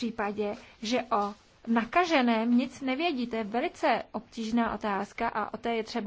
případě, že o nakaženém nic nevědí. To je velice obtížná otázka a o té je třeba